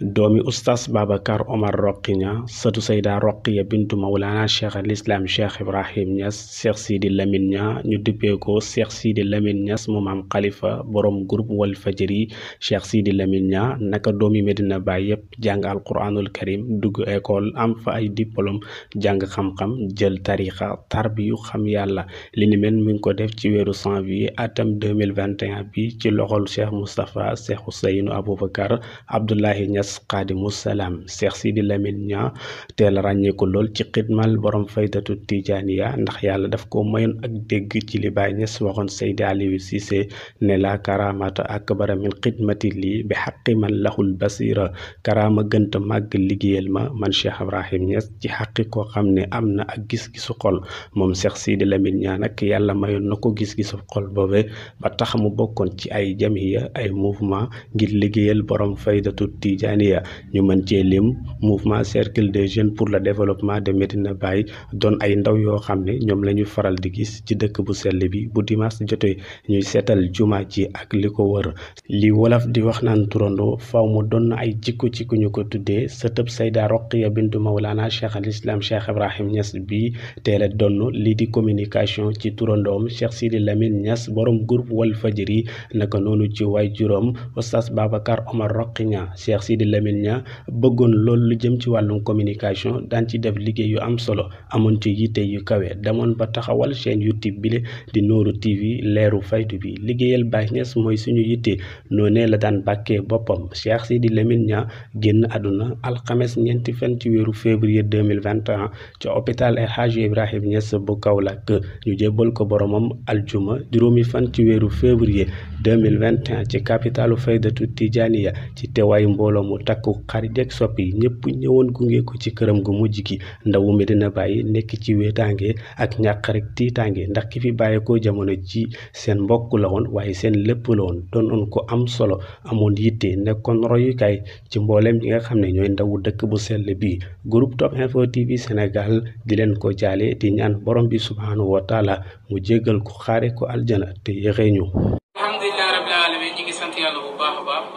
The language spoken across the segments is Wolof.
doomi ustas Babacar Omar Roqiña sëtu sayda Roqiya bintu Mawlana cheikh al islam cheikh Ibrahim Niass cheikh Sidi Lamine Niass ñu duppee ko cheikh Sidi Lamine Niass mu maam Khalifa borom groupe Walfadjri cheikh Sidi Lamine Niass naka doomi Medina Baye yépp jàng alquranul karim dugg école am fa ay diplôme jàng xam-xam jël tarixa tarbiyu xam yàlla li ni mel mi ngi ko def ci weeru janvier atam 2021 bi ci loxol cheikh Moustapha cheikh Ousseynou Aboubacar Abdoulahi Niass Thiès xaadimu salaam Cheikh Sidi Lamine Niang teel ràññee ko lool ci xidmal borom faydatu Tijaaniya ndax yàlla daf ko mayoon ak dégg ci li Baay waxoon Seydi ne la karamata akbara min xidmati lii bi xaqi man lahul basira karama gënta màgg liggéeyal ma man Cheikh Ibrahim Niass ci xaqi koo xam ne am na ak gis-gisu xol moom Cheikh Sidi Lamine Niang nag yàlla mayoon na ko gis-gisu xol boobe ba tax mu bokkoon ci ay jamiya ay mouvement ngir liggéeyal borom faydatu Tijaaniya Tidianiya ñu mën cee lim mouvement cercle des jeunes pour le développement de Medina Baye doon ay ndaw yoo xam ne ñoom la ñu faral di gis ci dëkk bu sell bi bu dimanche jotee ñuy seetal juma ji ak li ko wër li wolof di wax naan turandoo faw mu doon ay jikko ci ku ñu ko tuddee sëtëb Sayda Roqiya bintu Mawlana Cheikh al Islam Cheikh Ibrahim ñas bi teel a donn lii di communication ci turandoom Cheikh Sidi Lamine Niass boroom groupe Walfadjri naka noonu ci waay Lamine Niang bëggoon loolu lu jëm ci wàllum communication daan ci def liggéey yu am solo amoon ci yitte yu kawe ba taxawal chaîne YouTube le di Nooru TV leeru faytu bi liggéeyal Baye Niass mooy suñu yitte noonee la daan bàkkee boppam Cheikh Sidi Lamine Niang génn al alxames ñeenti fan ci février 2021 et hôpital El Hadji Ibrahim Niass bu kawlak ñu jébbal ko boromam aljuma juróomi fan ci weeru février 2021 ci capitalu faydatu tijaniya ci teewaayu mbooloo mu mu takku xarit sopp yi ñëpp ñëwoon gunge ko ci këram gu mujj gi ndawu Medina bàyyi nekk ci weetaange ak ñàq rek tiitaange ndax ki fi bàyyeekoo jamono ji seen mbokk la woon waaye seen lépp la woon doonoon ko am solo amoon yitte nekkoon royukaay ci mbooleem yi nga xam ne ñooy ndawu dëkk bu sell bi groupe Top Info TV Sénégal di leen ko jaale di ñaan borom bi subhaanahu wa taala mu jéggal ko xaare ko aljana te yéexee ñu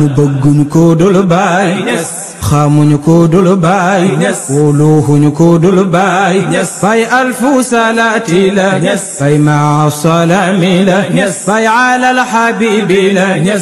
nu bëgguñu ko dul baay xamuñu ko dul baay wóoluuxuñu ko dul baay fay alfu salati la fay maa salami la fay ala habibi la